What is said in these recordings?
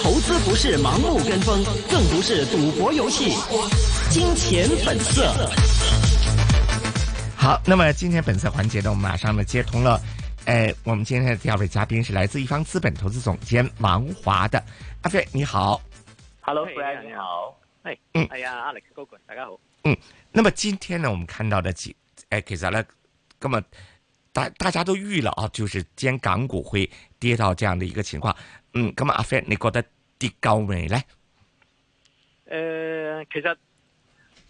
投資不是盲目跟風，更不是賭博遊戲。金錢本色。好，那麼今天本色環節呢，我們馬上呢接通了。哎、呃，我們今天的第二位嘉賓是來自一方資本投資總監王華的阿飛、啊，你好。Hello，你好。哎，哎呀，Alex 哥哥，大家好。嗯，那麼今天呢，我們看到的幾哎，給咱來，哥們。大大家都預了啊，就是兼港股會跌到這樣的一個情況。嗯，咁啊，阿飛，你覺得跌夠未咧？誒、呃，其實誒、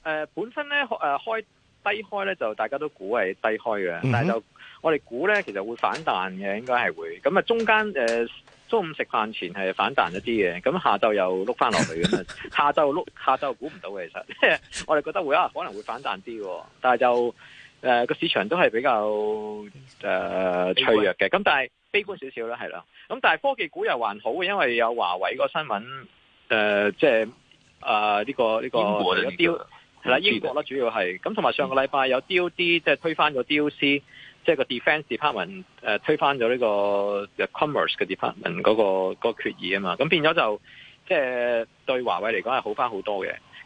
呃、本身咧誒開低開咧，就大家都估係低開嘅，嗯、哼但係就我哋估咧，其實會反彈嘅，應該係會。咁啊、呃，中間誒中午食飯前係反彈一啲嘅，咁下晝又碌翻落去嘅。下晝碌下晝估唔到嘅。其實 我哋覺得會啊，可能會反彈啲嘅，但係就。誒，個、呃、市場都係比較誒、呃、觀脆弱嘅，咁但係悲觀少少啦，係啦。咁但係科技股又還好嘅，因為有華為個新聞，誒、呃，即係啊呢個呢個，係、這、啦、個，英國啦、這個、主要係。咁同埋上個禮拜有 DOD，即係推翻咗 DOC 即係個 Defense Department 誒、呃，推翻咗呢、這個 Commerce 嘅 Department 嗰、那個、那個決議啊嘛。咁變咗就即係、就是、對華為嚟講係好翻好多嘅。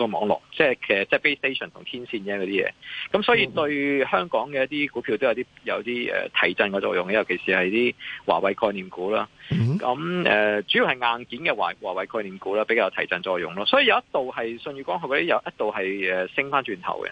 個網絡，即係其實即係 base station 同天線啫，嗰啲嘢。咁所以對香港嘅一啲股票都有啲有啲誒提振嘅作用，尤其是係啲華為概念股啦。咁誒、嗯呃，主要係硬件嘅華華為概念股啦，比較有提振作用咯。所以有一度係舜宇光學嗰啲有一度係誒升翻轉頭嘅。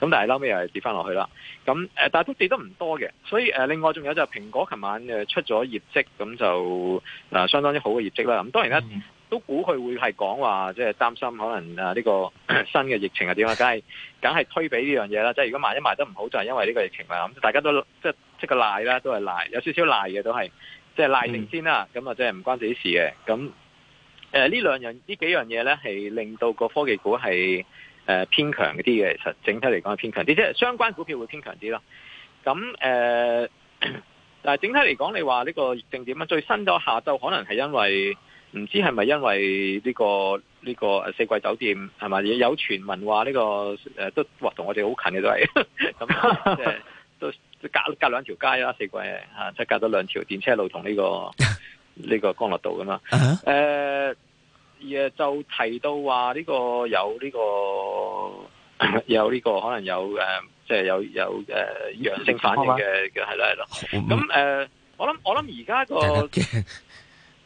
咁但係後尾又係跌翻落去啦。咁誒，但係、呃、都跌得唔多嘅。所以誒、呃，另外仲有就係蘋果琴晚誒出咗業績，咁就嗱、呃、相當之好嘅業績啦。咁當然啦。嗯都估佢會係講話，即、就、係、是、擔心可能啊、這、呢個 新嘅疫情又點啊，梗係梗係推俾呢樣嘢啦。即係如果賣一賣得唔好，就係因為呢個疫情啦。咁大家都即係即個賴啦，都係賴，有少少賴嘅都係，即係賴定先啦。咁啊、嗯，即係唔關自己事嘅。咁呢兩樣呢幾樣嘢咧，係令到個科技股係、呃、偏強啲嘅。其實整體嚟講係偏強啲，即係相關股票會偏強啲咯。咁但係整體嚟講，你話呢個正點啊？最新咗下晝，可能係因為。唔知係咪因為呢、這個呢、這個四季酒店係咪？有傳聞話呢、這個誒、呃、都話同我哋好近嘅都係咁、嗯，即係都隔隔兩條街啦，四季吓、啊、即係隔咗兩條電車路同呢、這個呢 個江樂道㗎嘛？誒、嗯、亦、uh huh. 呃、就提到話呢個有呢、這個、呃、有呢、這個可能有誒、呃，即係有有誒、呃、陽性反應嘅，係啦係啦。咁誒吧、呃，我諗我諗而家個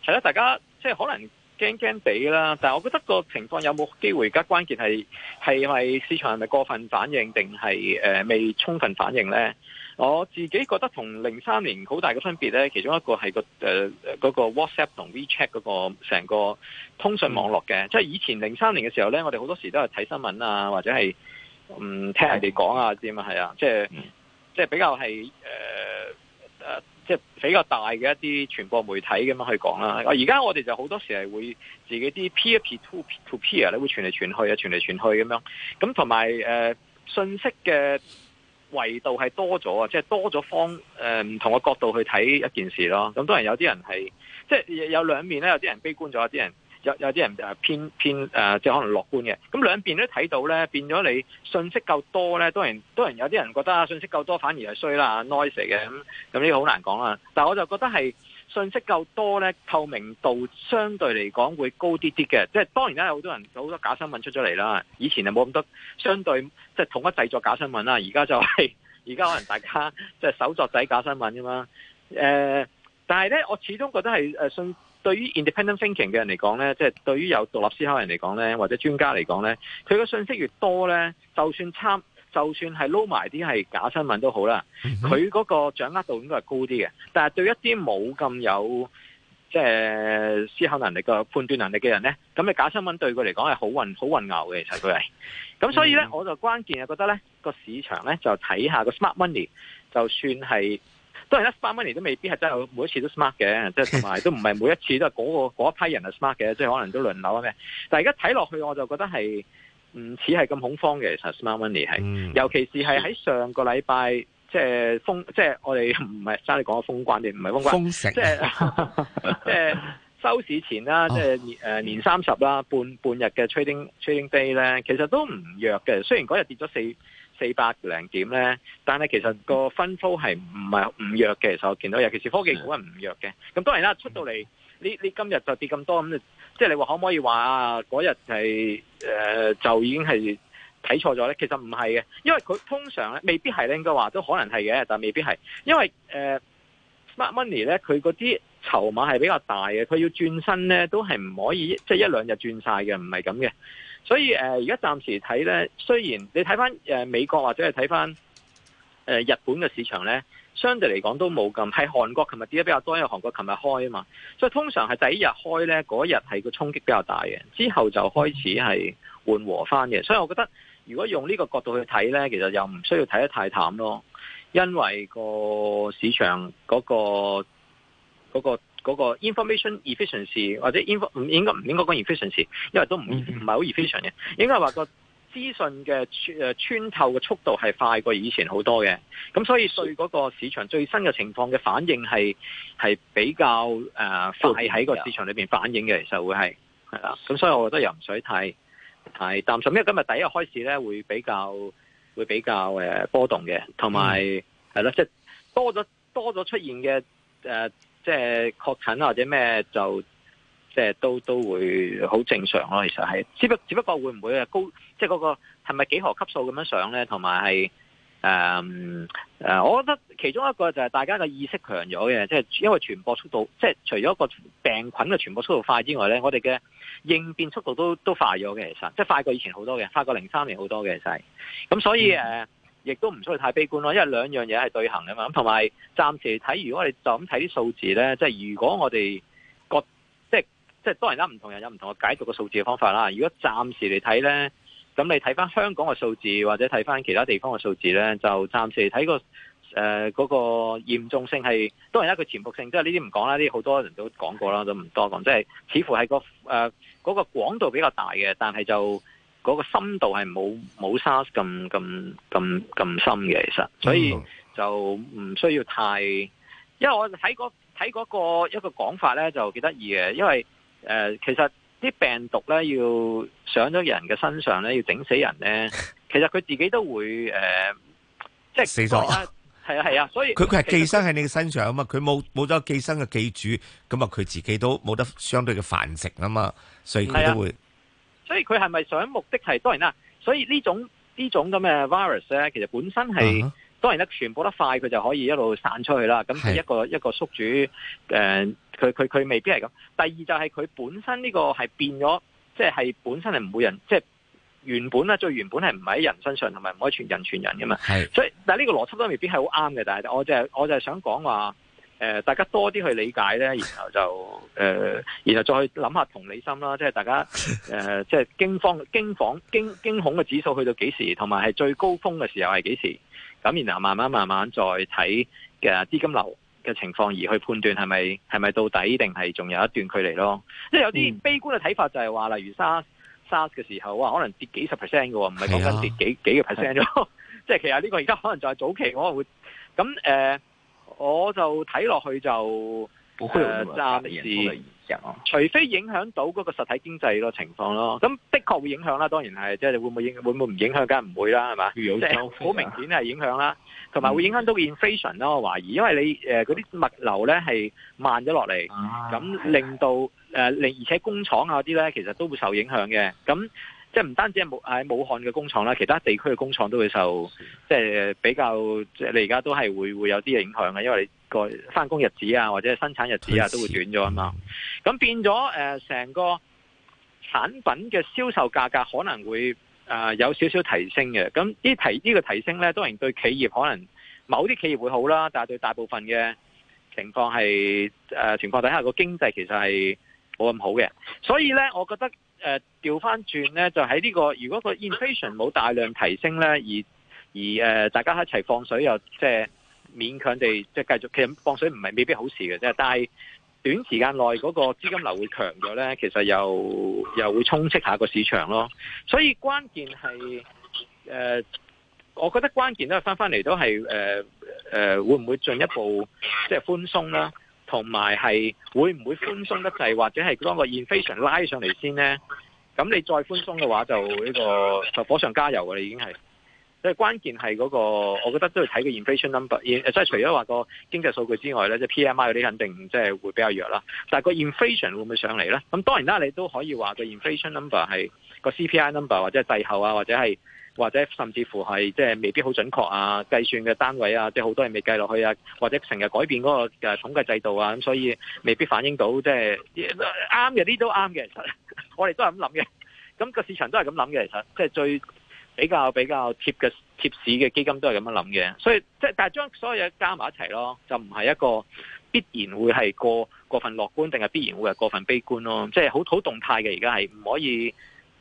係啦， 大家。即係可能驚驚哋啦，但係我覺得個情況有冇機會？而家關鍵係係咪市場係咪過分反應定係誒未充分反應咧？我自己覺得同零三年好大嘅分別咧，其中一個係個誒嗰個 WhatsApp 同 WeChat 嗰個成個，個通訊網絡嘅。即係、嗯、以前零三年嘅時候咧，我哋好多時都係睇新聞啊，或者係嗯聽人哋講啊知嘛係啊，即係即係比較係誒。呃即係比較大嘅一啲傳播媒體咁樣去講啦。而家我哋就好多時係會自己啲 peer to peer 咧，會傳嚟傳去啊，傳嚟傳去咁樣。咁同埋誒信息嘅維度係多咗啊，即係多咗方誒唔同嘅角度去睇一件事咯。咁當然有啲人係即係有兩面咧，有啲人悲觀咗，有啲人。有有啲人偏偏誒、呃，即係可能樂觀嘅。咁兩邊都睇到咧，變咗你信息夠多咧，當然當然有啲人覺得啊，信息夠多反而係衰啦，noise 嘅，咁咁呢個好難講啦。但係我就覺得係信息夠多咧，透明度相對嚟講會高啲啲嘅。即係當然咧，有好多人好多假新聞出咗嚟啦。以前就冇咁多，相對即係統一製作假新聞啦。而家就係而家可能大家即係手作仔假新聞啫嘛。誒、呃，但係咧，我始終覺得係信。呃對於 independent thinking 嘅人嚟講呢，即係對於有獨立思考人嚟講呢，或者專家嚟講呢，佢嘅信息越多呢，就算參，就算係撈埋啲係假新聞都好啦，佢嗰、mm hmm. 個掌握度應該係高啲嘅。但係對一啲冇咁有即係、呃、思考能力嘅判斷能力嘅人呢，咁你假新聞對佢嚟講係好混好混淆嘅。其實佢係，咁所以呢、mm hmm. 我就關鍵係覺得呢個市場呢就睇下個 smart money 就算係。當然啦 smart money 都未必係真係每一次都 smart 嘅，即係同埋都唔係每一次都係嗰個嗰一批人係 smart 嘅，即係可能都輪流啊咩。但係而家睇落去，我就覺得係唔似係咁恐慌嘅，其實 smart money 係，尤其是係喺上個禮拜即係封，即係我哋唔係差你講嘅封關，唔係封關，封城，即係即係收市前啦，即係誒年三十啦，半半日嘅 trading trading day 咧，其實都唔弱嘅，雖然嗰日跌咗四四百零點咧，但係其實個分幅係唔係唔弱嘅。其實我見到尤其是科技股係唔弱嘅。咁當然啦，出到嚟，你你今日就跌咁多咁，即係你話可唔可以話啊？嗰日係誒就已經係睇錯咗咧。其實唔係嘅，因為佢通常咧未必係咧，應該話都可能係嘅，但係未必係。因為誒，smart money 咧，佢嗰啲籌碼係比較大嘅，佢要轉身咧都係唔可以即係一兩日轉晒嘅，唔係咁嘅。所以誒，而家暫時睇咧，雖然你睇翻誒美國或者係睇翻誒日本嘅市場咧，相對嚟講都冇咁。係韓國，琴日跌得比較多，因為韓國琴日開啊嘛，所以通常係第一日開咧，嗰日係個衝擊比較大嘅，之後就開始係緩和翻嘅。所以，我覺得如果用呢個角度去睇咧，其實又唔需要睇得太淡咯，因為個市場嗰個嗰個。嗰個嗰個 information efficiency 或者 info 唔應該唔應該講 efficiency，因為都唔唔係好 efficient 嘅，應該話個資訊嘅穿、呃、穿透嘅速度係快過以前好多嘅。咁所以對嗰個市場最新嘅情況嘅反應係係比較誒、呃、快喺個市場裏邊反映嘅，其實會係係啦，咁所以我覺得又唔使太太擔心，因為今日第一日開始咧會比較會比較誒、呃、波動嘅，同埋係啦，即係、嗯即係、多咗多咗出現嘅誒。呃即係確診或者咩就即係、就是、都都會好正常咯，其實係只不只不過會唔會啊，高即係嗰個係咪幾何級數咁樣上咧？同埋係誒誒，我覺得其中一個就係大家嘅意識強咗嘅，即、就、係、是、因為傳播速度即係、就是、除咗個病菌嘅傳播速度快之外咧，我哋嘅應變速度都都快咗嘅，其實即係、就是、快過以前好多嘅，快過零三年好多嘅，其實係咁，所以係。嗯亦都唔需要太悲觀咯，因為兩樣嘢係對行嘅嘛。咁同埋暫時嚟睇，如果我哋就咁睇啲數字咧，即係如果我哋個即係即係當然啦，唔同人有唔同嘅解讀嘅數字嘅方法啦。如果暫時嚟睇咧，咁你睇翻香港嘅數字或者睇翻其他地方嘅數字咧，就暫時嚟睇個誒嗰個嚴重性係，當然啦，個潛伏性即係呢啲唔講啦，呢啲好多人都講過啦，都唔多講。即係似乎係個誒嗰個廣度比較大嘅，但係就。嗰個深度係冇冇 SARS 咁咁咁咁深嘅，其實，所以就唔需要太，因為我睇睇嗰個一個講法咧就幾得意嘅，因為誒其實啲病毒咧要上咗人嘅身上咧要整死人咧，其實佢自己都會誒、呃、 即係死咗，係處啊係啊，所以佢佢係寄生喺你嘅身上啊嘛，佢冇冇咗寄生嘅寄主，咁啊佢自己都冇得相對嘅繁殖啊嘛，所以佢都會。所以佢係咪想目的係？當然啦。所以呢種呢種咁嘅 virus 咧，其實本身係、uh huh. 當然啦，傳播得快，佢就可以一路散出去啦。咁一個是一個宿主，誒、呃，佢佢佢未必係咁。第二就係佢本身呢個係變咗，即、就、係、是、本身係唔會人，即、就、係、是、原本啦，最原本係唔係喺人身上，同埋唔可以傳人傳人噶嘛。是所以，但係呢個邏輯都未必係好啱嘅。但係我就係、是、我就係想講話。呃、大家多啲去理解咧，然後就誒、呃，然後再去諗下同理心啦，即係大家誒、呃，即係驚慌、驚慌、驚驚恐嘅指數去到幾時，同埋係最高峰嘅時候係幾時？咁然後慢慢慢慢再睇嘅資金流嘅情況，而去判斷係咪係咪到底定係仲有一段距離咯。即係、嗯、有啲悲觀嘅睇法就係話，例如 SARS 嘅時候哇可能跌幾十 percent 嘅喎，唔係講緊跌幾、啊、幾個 percent 是 即係其實呢個而家可能就係早期，我會咁誒。嗯呃我就睇落去就誒暫時，嗯、除非影響到嗰個實體經濟個情況咯。咁的確會影響啦，當然係，即係會唔會影會唔會唔影響，梗係唔會啦，係嘛？啊、即係好明顯係影響啦，同埋會影響到 inflation 咯。我懷疑，因為你誒嗰啲物流咧係慢咗落嚟，咁、啊、令到誒令、呃、而且工廠啊啲咧，其實都會受影響嘅咁。即係唔單止係武喺武漢嘅工廠啦，其他地區嘅工廠都會受，即係比較，即係你而家都係會會有啲影響嘅，因為你個翻工日子啊，或者生產日子啊都會短咗啊嘛。咁變咗誒，成、呃、個產品嘅銷售價格可能會誒、呃、有少少提升嘅。咁呢提呢、呢個提升咧，當然對企業可能某啲企業會好啦，但係對大部分嘅情況係誒、呃、情況底下個經濟其實係冇咁好嘅。所以咧，我覺得。誒，調翻轉咧，就喺呢、這個，如果個 inflation 冇大量提升咧，而而誒、呃，大家一齊放水又即係勉強地即係繼續，其實放水唔係未必好事嘅啫。但係短時間內嗰個資金流會強咗咧，其實又又會充斥下個市場咯。所以關鍵係誒，我覺得關鍵係翻翻嚟都係誒誒，會唔會進一步即係寬鬆啦。同埋係會唔會寬鬆得滯，或者係當個 inflation 拉上嚟先呢？咁你再寬鬆嘅話就、這個，就呢個就火上加油啦，已經係。即係關鍵係嗰、那個，我覺得都要睇個 inflation number，即係除咗話個經濟數據之外呢，即、就、係、是、PMI 嗰啲肯定即係會比較弱啦。但係個 inflation 會唔會上嚟呢？咁當然啦，你都可以話個 inflation number 係個 CPI number 或者係滯後啊，或者係。或者甚至乎係即係未必好準確啊，計算嘅單位啊，即係好多人未計落去啊，或者成日改變嗰個誒統計制度啊，咁所以未必反映到即係啱嘅，呢、啊、都啱嘅。其實我哋都係咁諗嘅，咁、個市場都係咁諗嘅。其實即係最比較比較貼嘅貼市嘅基金都係咁樣諗嘅，所以即係但係將所有嘢加埋一齊咯，就唔係一個必然會係過過分樂觀，定係必然會係過分悲觀咯。即係好好動態嘅，而家係唔可以。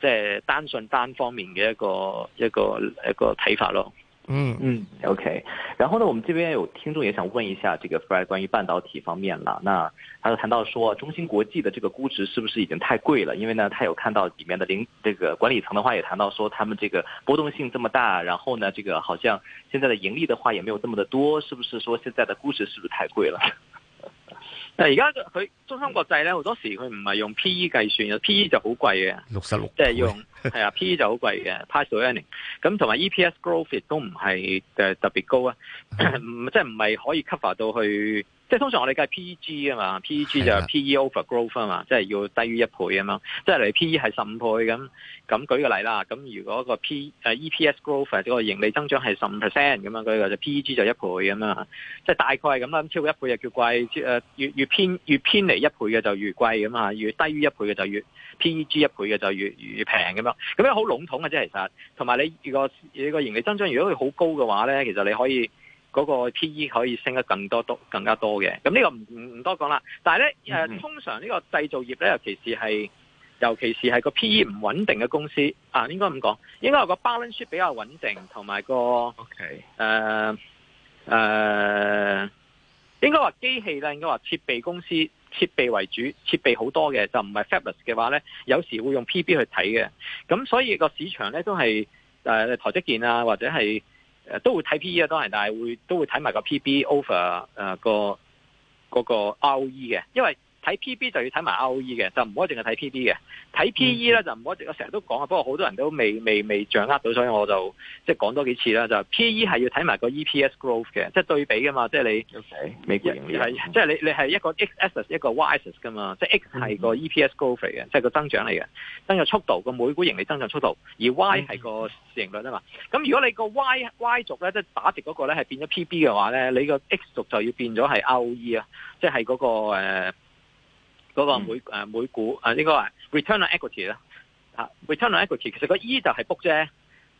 即單純單方面的一個一個一個睇法咯。嗯嗯，OK。然後呢，我們這邊有聽眾也想問一下，這個 Frank 關於半導體方面了。那他有談到說中芯國際的這個估值是不是已經太貴了？因為呢，他有看到裏面的領，這個管理層的話，也談到說他們這個波動性這麼大，然後呢，這個好像現在的盈利的話也沒有這麼的多，是不是？說現在的估值是不是太貴了？.但係而家佢中芯國際咧，好多時佢唔係用 P E 計算嘅，P E 就好貴嘅，六十六，即係用係啊，P E 就好貴嘅 past two year 咁，同埋 E P S growth 亦都唔係誒特別高啊，即係唔係可以 cover 到去。即係通常我哋計 P E G 啊嘛，P E G 就 P E over growth 啊嘛，即係要低於一倍咁樣。即係嚟 P E 係十五倍咁咁，舉個例啦。咁如果個 P E P S growth 即個盈利增長係十五 percent 咁樣，佢、那、就、個、P E G 就一倍咁啊。即係大概係咁啦，超過一倍就叫貴，越越偏越偏離一倍嘅就越貴咁啊，越低於一倍嘅就越 P E G 一倍嘅就越越平咁樣。咁樣好籠統嘅，即係其實。同埋你如果，如果你個盈利增長如果佢好高嘅話咧，其實你可以。嗰個 P/E 可以升得更多多更加多嘅，咁呢個唔唔唔多講啦。但係咧、啊、通常呢個製造業咧，尤其是係尤其是係個 P/E 唔穩定嘅公司啊，應該咁講，應該話個 balance sheet 比較穩定同埋個誒誒 Okay.、呃呃，應該話機器咧，應該話設備公司，設備為主，設備好多嘅就唔係 fabless 嘅話咧，有時會用 P/B 去睇嘅。咁所以個市場咧都係誒、呃、台積電啊，或者係。誒，都會睇 P/E 啊，當然，但係會都會睇埋個 P/B over 誒，個嗰個 ROE 嘅，因為。睇 P/B 就要睇埋 ROE 嘅，就唔可以淨係睇 P/B 嘅。睇 P/E 咧就唔可以，我成日都講啊，不過好多人都未未未，未掌握到，所以我就即係講多幾次啦。就 P/E 係要睇埋個 EPS growth 嘅，即係對比噶嘛，即係你美股盈利係，即係你你係一個 X 係一個 Y 㗎嘛，即係 X 係個 EPS growth 嘅，即係個增長嚟嘅，增長速度個每股盈利增長速度，而 Y 係個市盈率啊嘛。咁 Okay. 如果你個 Y Y 軸咧即係打直嗰個咧係變咗 P/B 嘅話咧，你個 X 軸就要變咗係 ROE 啊，即係嗰個誒。嗰個每每股啊，應該係 return on equity 啦、啊，return on equity 其實個 E 就係 book 啫，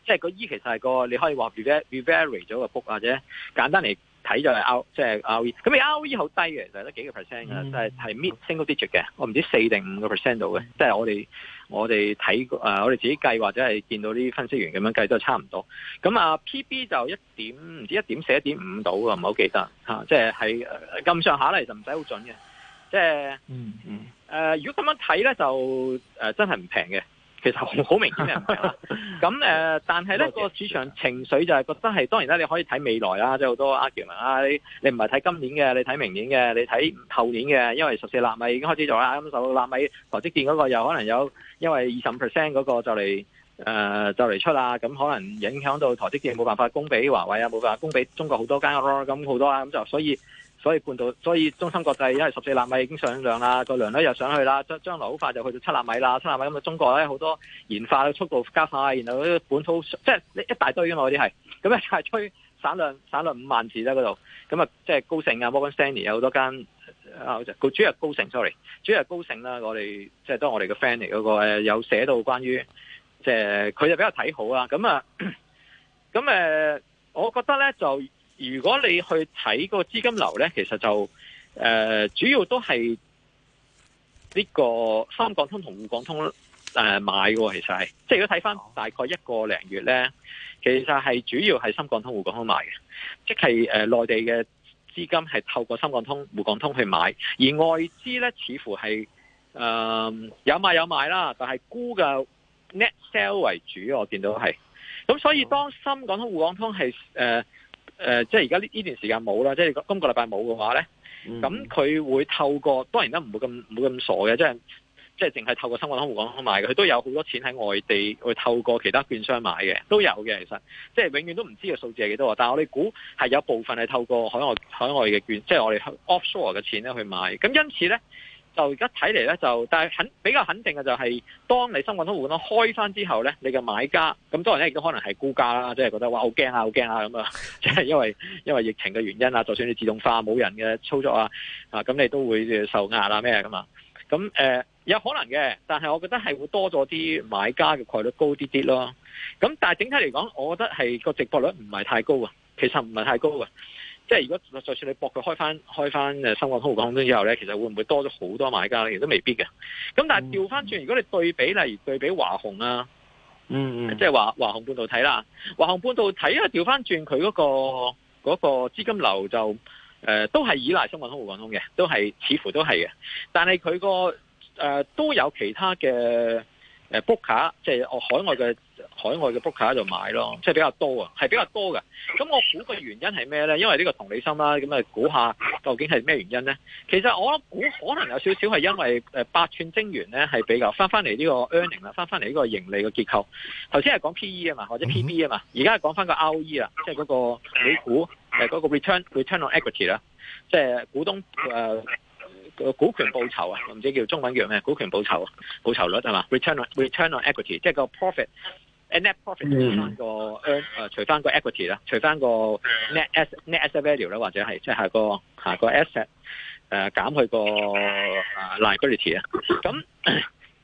即係個 E 其實係個你可以話變咧 revalue 咗個 book 啊啫。或者簡單嚟睇就係 R E，即係 R E。咁你 R E 好低嘅，就係、是、得幾個 percent 嘅，即係係 mid single digit 嘅。我唔知四定五個 percent 度嘅，即係、就是、我哋我哋睇誒，我哋、啊、自己計或者係見到啲分析員咁樣計都係差唔多。咁啊、uh, P B 就一點唔知一點四一點五到啊，唔係好記得，即係係咁上下嚟就唔使好準嘅。即係，嗯嗯，誒，如果咁樣睇咧，就誒、呃、真係唔平嘅，其實好明顯係唔平咁誒，但係咧 個市場情緒就係覺得係，當然啦，你可以睇未來啦，即係好多 argument 啊，你你唔係睇今年嘅，你睇明年嘅，你睇後年嘅，因為十四納米已經開始做啦，咁十六納米台積電嗰個又可能有，因為二十五 percent 嗰個就嚟誒、呃、就嚟出啊，咁可能影響到台積電冇辦法供俾華為啊，冇辦法供俾中國好多間咁好多啊，咁就所以。所以半導所以中芯國際因為十四納米已經上量啦，個量咧又上去啦，將將來好快就去到七納米啦，七納米咁啊！中國咧好多研發嘅速度加快，然後本土即係一大堆咯，我啲係咁咧，就係推散量，散量五萬字啦嗰度，咁啊，即係高盛啊，Morgan Stanley 有好多間，啊，佢主要係高盛，sorry，主要係高盛啦，我哋即係當我哋嘅 friend 嚟嗰個有寫到關於即係佢就比較睇好啦，咁啊，咁誒，我覺得咧就。如果你去睇個資金流呢，其實就誒、呃、主要都係呢個深港通同滬港通誒、呃、買嘅，其實係即係如果睇翻大概一個零月呢，其實係主要係深港通、滬港通買嘅，即係誒、呃、內地嘅資金係透過深港通、滬港通去買，而外資呢，似乎係誒、呃、有買有賣啦，但係沽嘅 net sell 為主，我見到係。咁所以當深港通、滬港通係誒、呃誒、呃，即係而家呢呢段時間冇啦，即係今個禮拜冇嘅話咧，咁佢、嗯、會透過當然啦，唔會咁唔會咁傻嘅，即係即係淨係透過滬深港股通買嘅，佢都有好多錢喺外地，去透過其他券商買嘅，都有嘅其實，即係永遠都唔知個數字係幾多啊！但係我哋估係有部分係透過海外海外嘅券，即係我哋 offshore 嘅錢咧去買，咁因此咧。就而家睇嚟咧，就但係肯比較肯定嘅就係，當你新運通換開翻之後咧，你嘅買家咁多人咧，亦都可能係估價啦，即係覺得話好驚啊，好驚啊咁啊，即係因為因為疫情嘅原因啊，就算你自動化冇人嘅操作啊，咁啊你都會受壓啦咩咁嘛，咁呃有可能嘅，但係我覺得係會多咗啲買家嘅概率高啲啲咯，咁但係整體嚟講，我覺得係個直播率唔係太高啊，其實唔係太高嘅。即係如果就算你搏佢開翻開翻誒新港通路廣通之後咧，其實會唔會多咗好多買家咧？亦都未必嘅。咁但係調翻轉，如果你對比，例如對比華虹啊，嗯,嗯，即係華華虹半導體啦，華虹半導體啊，調翻轉佢嗰個嗰、嗰個、資金流就誒、呃，都係依賴新港通路廣通嘅，都係似乎都係嘅。但係佢個誒都有其他嘅 book 卡，即係海外嘅。海外嘅 broker 喺度買咯，即係比較多啊，係比較多嘅。咁我估個原因係咩咧？因為呢個同理心啦。咁啊，估下究竟係咩原因咧？其實我估可能有少少係因為誒八寸晶圓咧係比較翻翻嚟呢個 earning 啦，翻翻嚟呢個盈利嘅結構。頭先係講 P E 啊嘛，或者 P B 啊嘛，而家係講翻個 R O E 啊，即係嗰個美股誒嗰個 return return on equity 啦，即係股東誒、呃、股權報酬啊，唔知叫中文叫咩？股權報酬、報酬率係嘛？return on, return on equity，即係個 profit。net profit 除返個除翻 equity 啦，除翻個，個 net s net asset value 或者係即係下個下個 asset 減、呃、減去個 liability 啊。咁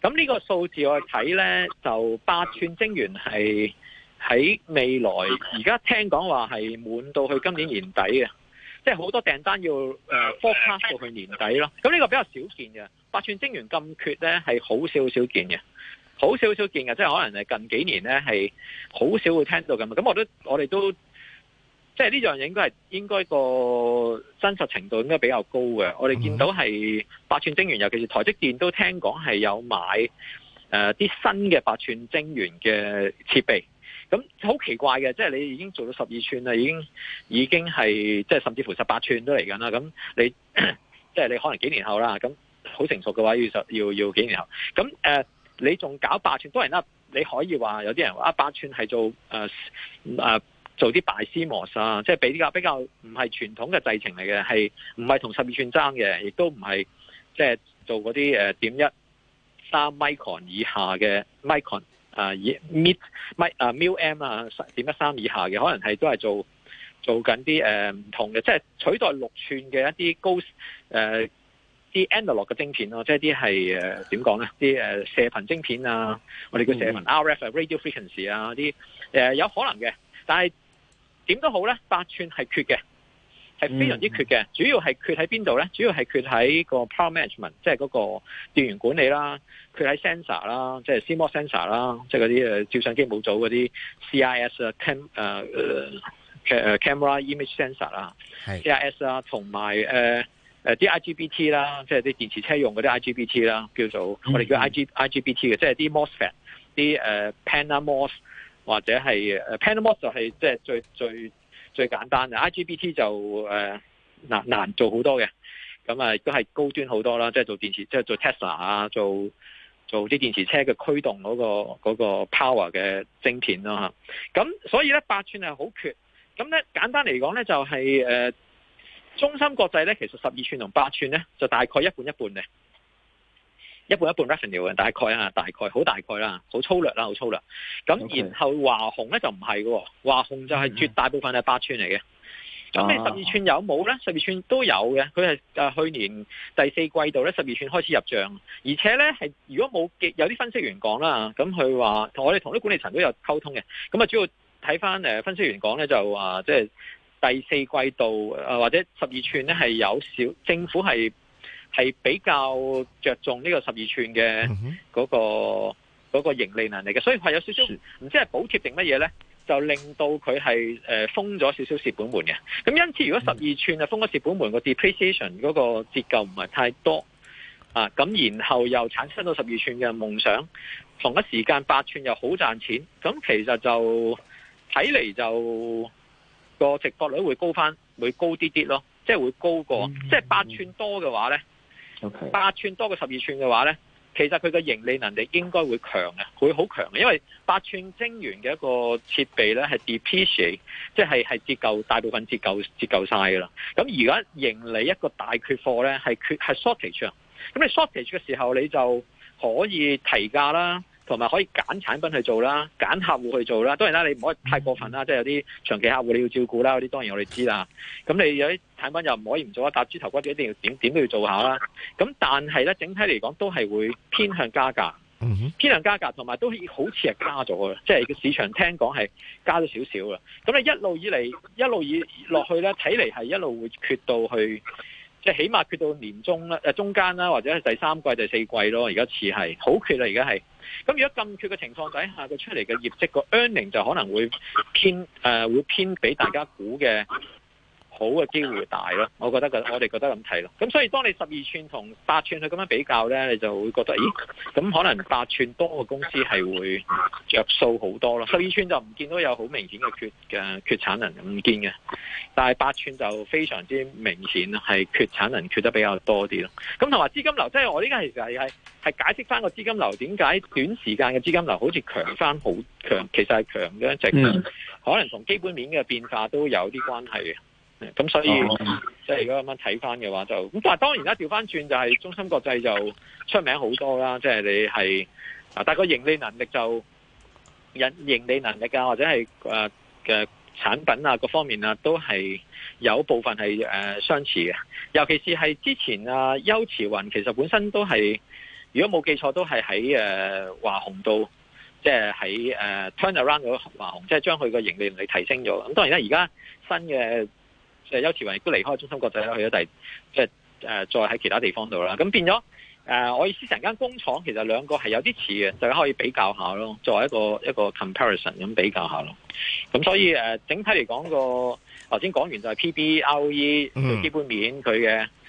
咁呢個數字我睇咧，就八寸晶圓係喺未來，而家聽講話係滿到去今年年底嘅，即係好多訂單要 forecast 到去年底咯。咁呢個比較少見嘅，八寸晶圓咁缺咧係好少少見嘅。好少少見噶，即係可能係近幾年咧係好少會聽到噶嘛。咁我都我哋都即係呢樣應該係應該個真實程度應該比較高嘅。我哋見到係八寸晶圓，尤其是台積電都聽講係有買誒啲、呃、新嘅八寸晶圓嘅設備。咁好奇怪嘅，即係你已經做到十二寸啦，已經已經係即係甚至乎十八寸都嚟緊啦。咁你即係你可能幾年後啦，咁好成熟嘅話要十要要幾年後咁誒。你仲搞八寸，當然啦，你可以話有啲人話啊，八寸係做誒、呃、誒、啊、做啲拜師磨砂，即係比啲較比較唔係傳統嘅製程嚟嘅，係唔係同十二寸爭嘅，亦都唔係即係做嗰啲誒點一三 micron 以下嘅 micron 啊，以 mic 唔係啊 m i l m 啊，點一三以下嘅，可能係都係做做緊啲誒唔同嘅，即係取代六寸嘅一啲高誒、呃。啲 analog 嘅晶片咯，即係啲係誒點講咧？啲、呃呃、射頻晶片啊，我哋叫射頻 RF r、嗯、adio frequency 啊啲、呃、有可能嘅。但係點都好咧，八寸係缺嘅，係非常之缺嘅、嗯。主要係缺喺邊度咧？主要係缺喺個 power management，即係嗰個電源管理啦。缺喺、就是、sensor 啦，即係 CMOS sensor 啦，即係嗰啲照相機模組嗰啲 CIS 啊，cam、呃、camera image sensor 啦是，CIS 啊，同埋誒啲 IGBT 啦，呃、T, 即係啲電池車用嗰啲 IGBT 啦，叫做、嗯、我哋叫 IGIGBT 嘅，即、呃、係啲 MOSFET，啲誒 PNMOS 或者係、呃、PNMOS a 就係即係最最最簡單嘅 IGBT 就誒、呃、難難做好多嘅，咁啊亦都係高端好多啦，即係做電池，即係做 Tesla 啊，做做啲電池車嘅驅動嗰個嗰個 power 嘅晶片咯咁所以咧八吋係好缺，咁咧簡單嚟講咧就係、是、誒。呃中心國際咧，其實十二寸同八寸咧，就大概一半一半嘅，一半一半 revenue 嘅，大概啊，大概好大概啦，好粗略啦，好粗略。咁然後華虹咧就唔係嘅，華虹就係絕大部分係八寸嚟嘅。咁你十二寸有冇咧？十二寸都有嘅，佢係誒去年第四季度咧，十二寸開始入帳，而且咧係如果冇記，有啲分析員講啦，咁佢話，同我哋同啲管理層都有溝通嘅，咁啊主要睇翻誒分析員講咧就話即係。第四季度或者十二寸咧係有少政府係係比較着重呢個十二寸嘅，嗰、嗰個嗰、嗰個盈利能力嘅，所以係有少少唔知係補貼定乜嘢咧，就令到佢係、呃、封咗少少蝕本門嘅。咁因此，如果十二寸啊封咗蝕本門 dep 個 depreciation 嗰個折舊唔係太多啊，咁然後又產生到十二寸嘅夢想，同一時間八寸又好賺錢，咁其實就睇嚟就。個直角率會高返，會高啲啲咯，即係會高過，嗯嗯、即係八寸多嘅話咧，八寸多過十二寸嘅話咧，其實佢嘅盈利能力應該會強嘅，會好強嘅，因為八寸晶圓嘅一個設備咧係 depreciate 即係係折舊大部分折舊折舊晒噶啦。咁而家盈利一個大缺貨咧，係缺係 shortage，咁你 shortage 嘅時候，你就可以提價啦。同埋可以揀產品去做啦，揀客戶去做啦。當然啦，你唔可以太過分啦，即係有啲長期客戶你要照顧啦。嗰啲當然我哋知啦。咁你有啲產品又唔可以唔做啦，搭豬頭骨一定要點點都要做下啦。咁但係咧，整體嚟講都係會偏向加價，偏向加價，同埋都好似係加咗嘅，即係個市場聽講係加咗少少嘅。咁你一路以嚟一路以落去咧，睇嚟係一路會缺到去，即係起碼缺到年中啦，誒中間啦，或者係第三季第四季咯。而家似係好缺啦，而家係。咁如果咁缺嘅情況底下，佢出嚟嘅業績個 earnings 就可能會偏誒、呃，會偏比大家估嘅。好嘅機會大咯，我覺得我哋覺得咁睇咯。咁所以當你十二寸同八寸去咁樣比較咧，你就會覺得，咦、哎？咁可能八寸多嘅公司係會着數好多咯。十二寸就唔見到有好明顯嘅缺嘅、呃、缺產能唔見嘅，但係八寸就非常之明顯啦，係缺產能缺得比較多啲咯。咁同埋資金流，即係我呢家其實係解釋翻個資金流點解短時間嘅資金流好似強翻好強，其實係強嘅，就係、可能同基本面嘅變化都有啲關係嘅。咁所以即係、哦、如果咁樣睇翻嘅話就，就咁但係當然啦，調翻轉就係中芯國際就出名好多啦，即係你係啊，但係個盈利能力就盈盈利能力啊，或者係誒嘅產品啊各方面啊，都係有部分係誒、呃、相似嘅，尤其是係之前啊、呃、邱慈雲其實本身都係如果冇記錯都係喺誒華虹度，即係喺誒、呃、turnaround 咗華虹，即係將佢個盈利能力提升咗。咁當然啦，而家新嘅即係邱慈雲亦都離開中芯國際啦，去咗第即係誒，再喺其他地方度啦。咁變咗誒，我意思成間工廠其實兩個係有啲似嘅，大家可以比較下咯，作為一個一個 comparison 咁比較下咯。咁所以誒，整體嚟講個頭先講完就係 PBROE 嘅基本面佢嘅。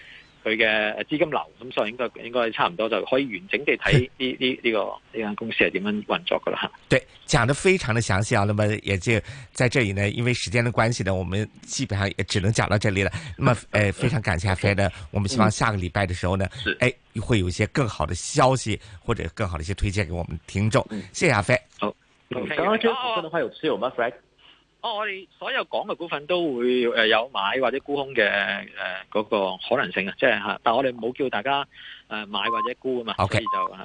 佢嘅資金流，咁所以應該應該差唔多就可以完整地睇呢呢呢個呢間公司係點樣運作噶啦嚇。對，講得非常的詳細啊！咁麼也就，在這裏呢，因為時間嘅關係呢，我們基本上也只能講到這裏了咁麼，呃、非常感謝阿飛呢。嗯、我們希望下個禮拜嘅時候呢，誒是、哎，會有一些更好的消息或者更好嘅一些推薦給我們聽眾。謝、嗯、謝謝阿飛。好，啊、嗯，剛剛嗰隻股份嘅話，哦哦、有持有嗎，Frank？哦，我哋所有講嘅股份都會誒有買或者沽空嘅誒嗰個可能性啊，即係嚇，但係我哋冇叫大家誒買或者沽啊嘛，所以就、okay.